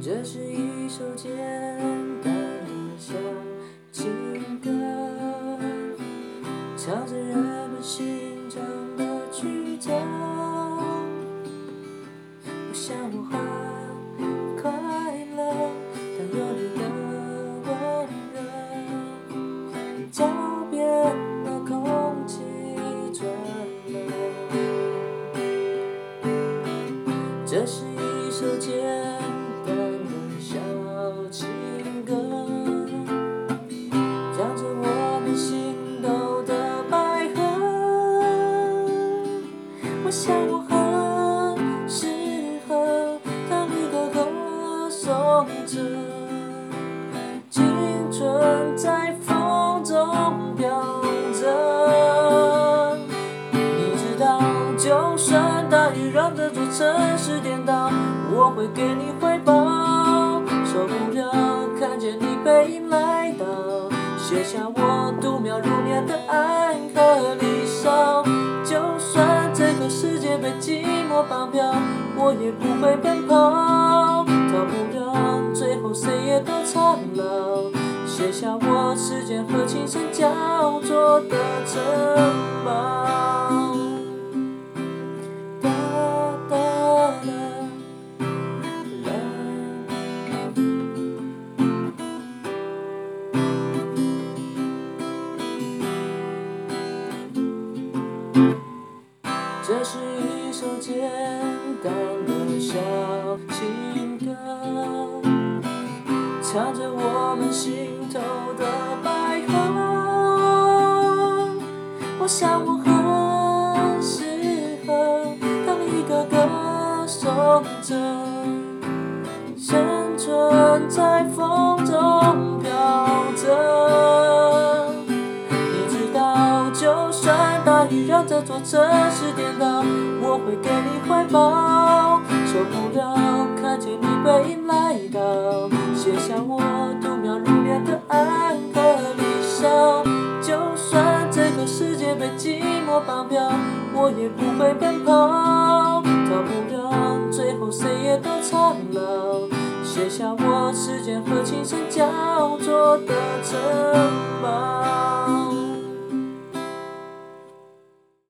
這是一首簡單的小情歌，唱着人們心腸的曲折。我想我很快樂，當有你的溫熱，腳邊的空氣轉了。這是一首簡單。簡單的小情歌，唱着我們心頭的白鴿。我想我很適合當一個歌頌者，青春在風中飄着。你知道，就算大雨讓這座城市顛倒。我會給你懷抱，受不了看見你背影來到，寫下我度秒如年難捱的離騷。就算整個世界被寂寞綁票，我也不會奔跑，逃不了最後誰也都蒼老，寫下我時間和琴聲交錯的城堡。這是一首簡單的小情歌，唱着我們心頭的白鴿。我想我很適合當一個歌頌者，青春在風。讓整座城市顛倒，我會給你懷抱。受不了看見你背影來到，寫下我度秒如年難捱的離騷。就算這個世界被寂寞綁票，我也不會奔跑。逃不了最後誰也都蒼老，寫下我時間和琴聲交錯的城堡。